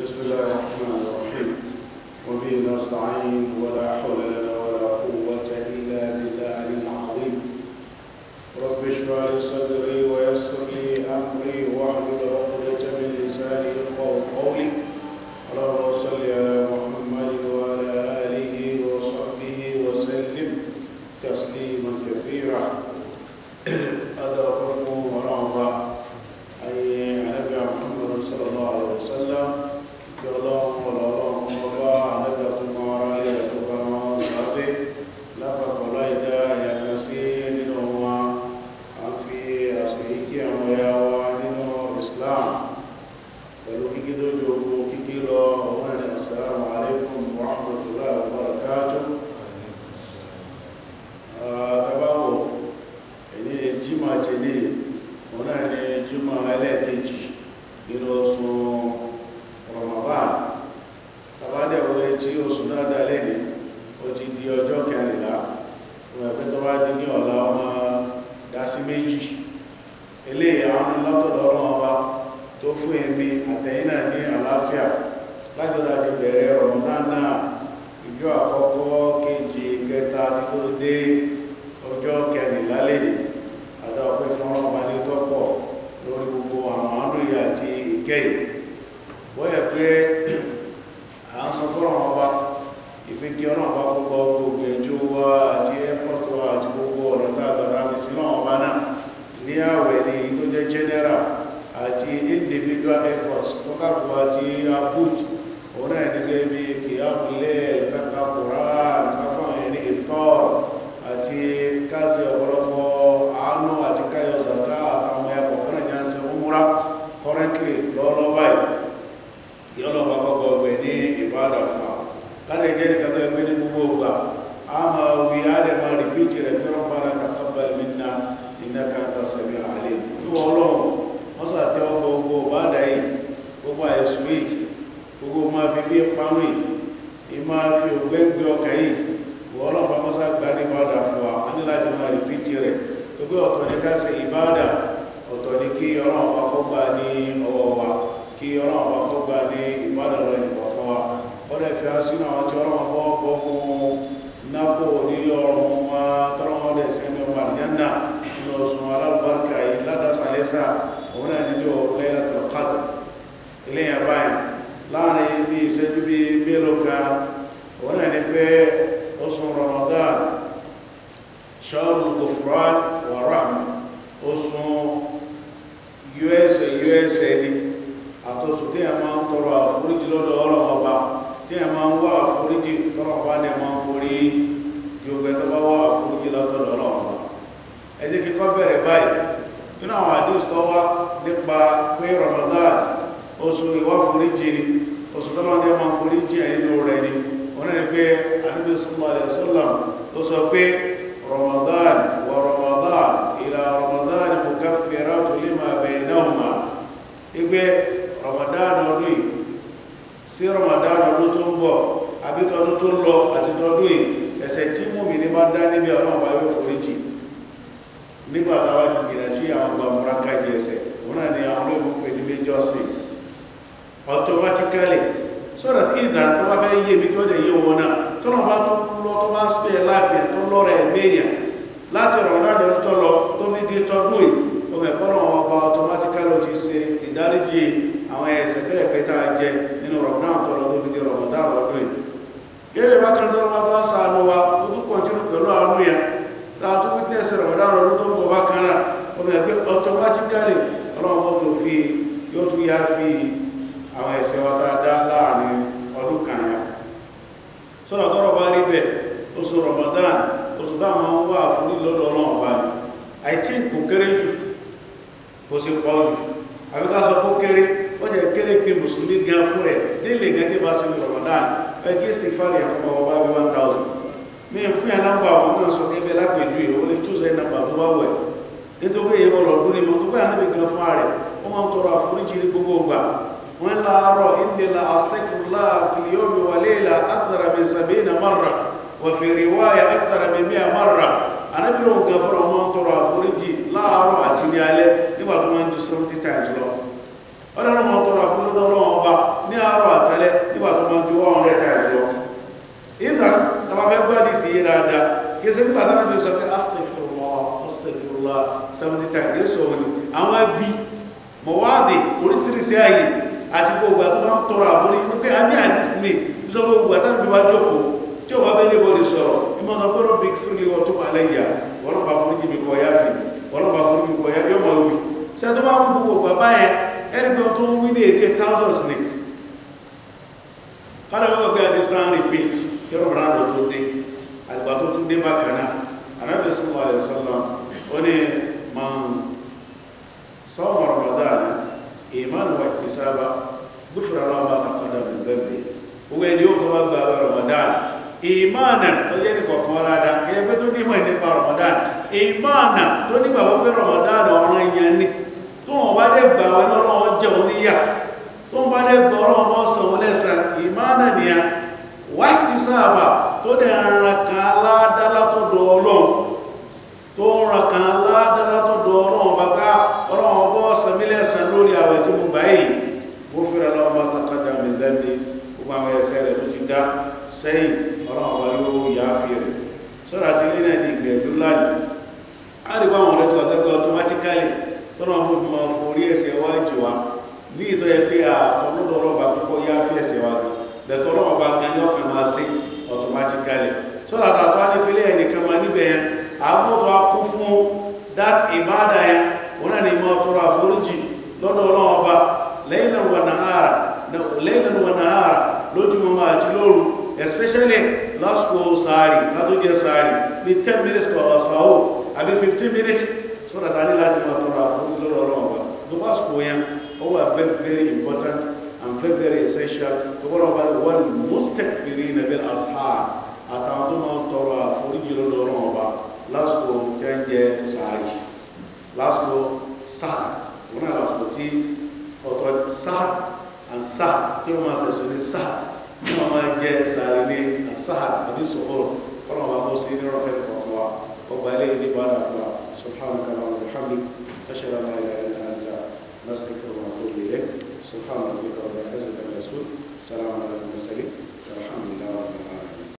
بسم الله الرحمن الرحيم وبه نستعين ولا حول لنا ولا قوة إلا بالله العظيم رب اشرح لي صدري òní òun náà ni jímọ̀ ẹlẹ́ẹ̀kejì nínú oṣù Ramadan tàbádẹ̀wò tí oṣù dáadáa lẹ́ni o ti di ọjọ́ kẹrìnlá wọ́n ẹ̀pẹ́ tó bá di ní ọ̀la ọmọ dásí méjì eléyìí àwọn látọ̀dọ̀ ọlọ́run ọba tó fún èmi àtẹ̀yìn náà ní àlàáfíà lájọ́dá ti bẹ̀rẹ̀ Ramadan náà ìjọ àkọ́kọ́ kejì kẹta ti tó dé ọjọ́ kẹrìnlá lẹ́ni ìkẹyìn wọ́n yẹ pé à ń sọ fọ́rọ̀ wọn bá ìpé kí ọlọ́run bá gbogbo gbogbo ẹjọ́ wá àti effort wá àti gbogbo ọ̀nà tágbàtà àmì sí náà bá náà ní àwẹ̀ ní tó jẹ́ general àti individual efforts tó kàkọ́ àti abut òun náà ní gẹ́gẹ́ bí kìyàmùlẹ̀ kàkàkùrá káfọ́n ẹni ìfọ́ àti kásẹ̀ méjì rẹ̀ bí wọ́n bára taqabbal minna innaka anta sami'ul alim wíwọ́ ọlọ́run wọ́n sọ àtẹ́wọ́ gbogbo bàdà yìí gbogbo àìsùn yìí gbogbo máa fi bí pamọ́ yìí ìmá fi ògbẹ́gbẹ́ ọkàn yìí wọ́n ọlọ́run pamọ́sá gbà ní bàdà fún wa wọ́n ní láti máa rí píjì rẹ̀ tó gbé ọ̀tọ̀ ní ká ṣe ìbádà ọ̀tọ̀ ní kí ọlọ́run bá kọ́ oṣù Ramadan ṣọ́rùn gufran wa rahma oṣù usa usa ni àtọ́sù tí a máa ń tọrọ àforíjì lọ́dọ̀ ọlọ́run ọba tí a máa ń wá àforíjì sallallahu alaihi wasallam tó sọ pé ramadan wa ramadan ila ramadan mukaffiratun lima baynahuma igbe ramadan ọdún sí ramadan ọdún tó ń bọ̀ àbí tọdún tó lọ àti tọdún yìí ẹ̀ṣẹ̀ tí mùmínì bá dá níbi ọlọ́run bá yóò foríjì nígbà táwa ti jìnà sí àwọn gbàmúra kájí ẹ̀ṣẹ̀ òun náà ni àwọn olóògùn pè ní major six automatically so that either tó bá fẹ́ yé mi tí ó dẹ̀ yé wọn náà tọ́nà bá tó lọ tó bá ń spẹ́ láàfíà tó lọ́rẹ̀ ẹ̀mẹ́yà láti rọ̀mọ́dá lè tó lọ tó fi dé tọ́dún yìí ọmọ ẹ̀kọ́ náà wọn bá automatically ti ṣe ìdáríjì àwọn ẹ̀ṣẹ̀ bẹ́ẹ̀ pé tá a jẹ nínú rọ̀mọ́dá tó lọ tó fi dé rọ̀mọ́dá ọdún yìí gẹ́gẹ́ bá kan tọ́nà bá tó ń sàánú wa ó tún kọ̀ntínú pẹ̀lú àánú yẹn tá a tún witness rọ̀mọ́dá tó ń bọ̀ bá kan fi yóò tún fi oṣù Ramadan oṣù bá máa ń wá àforí lọ́dọ̀ ọlọ́run ọba ni i think kò kéré jù kò sì pọ̀ jù àbí sọ kó kéré ó jẹ́ kéré pé mùsùlùmí gan fún rẹ̀ délé gan bá sinmi Ramadan ẹ kí stick fari àkọ́kọ́ ọba bí one thousand mi fún yà nọ́mbà àwọn náà sọ kẹfẹ́ lápẹjù yìí ó lè túnṣe nọ́mbà tó bá wẹ̀ nítorí èyí bọ̀lọ̀ dún ní mọ́ tó bá náà gan fún ààrẹ ó máa ń tọrọ àforíjì ní gbogbo ìgbà wọ́n láàárọ̀ inni la astaghfirullah fil yawmi wa layla min sab'ina marra وفي رواية أكثر من مئة مرة أنا بلو غفر ومن ترى فرجي لا أرى أتني عليه نبقى تمان جو 70 times لو أنا من ترى فلو دولو أبا ني أرى أتالي نبقى تمان جو 100 times إذن تبقى في أبادي سيئر هذا كيسي بقى تانا بيسا أستغفر الله أستغفر الله 70 times يسوني أما بي mọ̀wáàdì oríṣiríṣi ààyè àti gbogbo àtúbà ń tọrọ àforíjì tó pé a ní àdísìmì tó sọ gbogbo tí o bá bẹ́ẹ̀ níbo lè sọ̀rọ̀ ní mọ́sán pẹ́rọ bí fúrúlé wọn tó máa lẹ́yà wọ́n bá fúrúkì mi kọ̀ ya fi wọ́n bá fúrúkì kọ̀ ya bí ọmọ omi ṣe tó bá wọn gbogbo bàbá yẹn ẹni pé wọn tó ń wí ní èdè thousands ni kọ́dà wọ́n gbé adistan repeat yọrọ ránà tó dé àgbà tó tún dé bákan náà anábì sallallahu alaihi wasallam ó ní man sọ́mọ̀ ramadan ìmánu wa ìtìsába gbúfúra lọ́wọ́ àtàkọ́dà bẹ̀bẹ̀ owó ẹni yóò tó bá gba ramadan Imanan tó yẹ́ ní kọ̀kan rádá kẹ́yẹ́ pé tó nímọ̀ nípa Ramadan Imanan tó nígbàgbọ́ pé Ramadan ọ̀ràn èèyàn ni tó wọ́n bá dẹ̀ gbà wọn lọ́rọ̀ jẹun níyà tó wọ́n bá dẹ̀ gbà ọ̀rọ̀ ọmọ sọ̀wọ́ lẹ́sàn ìmọ̀nà nìyà wáyé ti sáàbà tó dẹ̀ ara kan aládálátọ̀dọ̀ Ọlọ́run tó ń ra kan aládálátọ̀dọ̀ Ọlọ́run bá ká ọ̀rọ̀ ọmọ sọ̀mílẹ̀sàn lórí àwẹ̀ tí mo gbà yìí mo fẹ́ràn lọ́wọ́ máa takadà mi lẹ́ni gbogbo àwọn ẹsẹ̀ rẹ̀ tó ti dá sẹ́yìn ní ìtọ́ yẹ pé àtọ́lọ́dọ̀ ọlọ́ba púpọ̀ yá fi ẹsẹ̀ wa gbé bẹ̀tọ́ ọlọ́ba gan ni ọkàn máa ṣe automatically sọ́dọ̀ àtàtọ́ anífẹ́lẹ́ ẹnìkan máa níbẹ̀ yẹn àgbọ̀tọ̀ akún fún that ìbáàdà yẹn òun náà ni ìmọ̀ tọrọ àforíjì lọ́dọ̀ ọlọ́ba lẹ́yìn náà wọ̀nà ààrà lẹ́yìn náà wọ̀nà ààrà lójúmọ́mọ́ àti lóru especially lásìkò sáàrì kátó jẹ sáàrì ní ten minutes per hour sáwọ́ àbí fifteen minutes sọ́dọ̀ tá a ní láti máa tọrọ àforíjì lọ́dọ̀ ọlọ́run ọba tó bá sùkò yẹn ó very very important and very very essential tó kọ́ lọ́wọ́ balẹ̀ wọ́n mustakfirina bil ashar àtàwọn tó máa ń tọrọ àforíjì lọ́dọ̀ ọ̀rọ̀ ọba lásìkò tẹ́ ń jẹ sàárì lásìkò sáà wọn náà lásìkò tí ọ̀tọ̀ sáà and sáà kí wọ́n máa sẹ̀sùn ní sáà kí wọ́n máa jẹ sàárì ní sáà àbí sọ̀rọ̀ kọ́nà نستغفرك ونتوب اليك سبحان ربك رب العزه عما يصفون سلام على المرسلين والحمد لله رب العالمين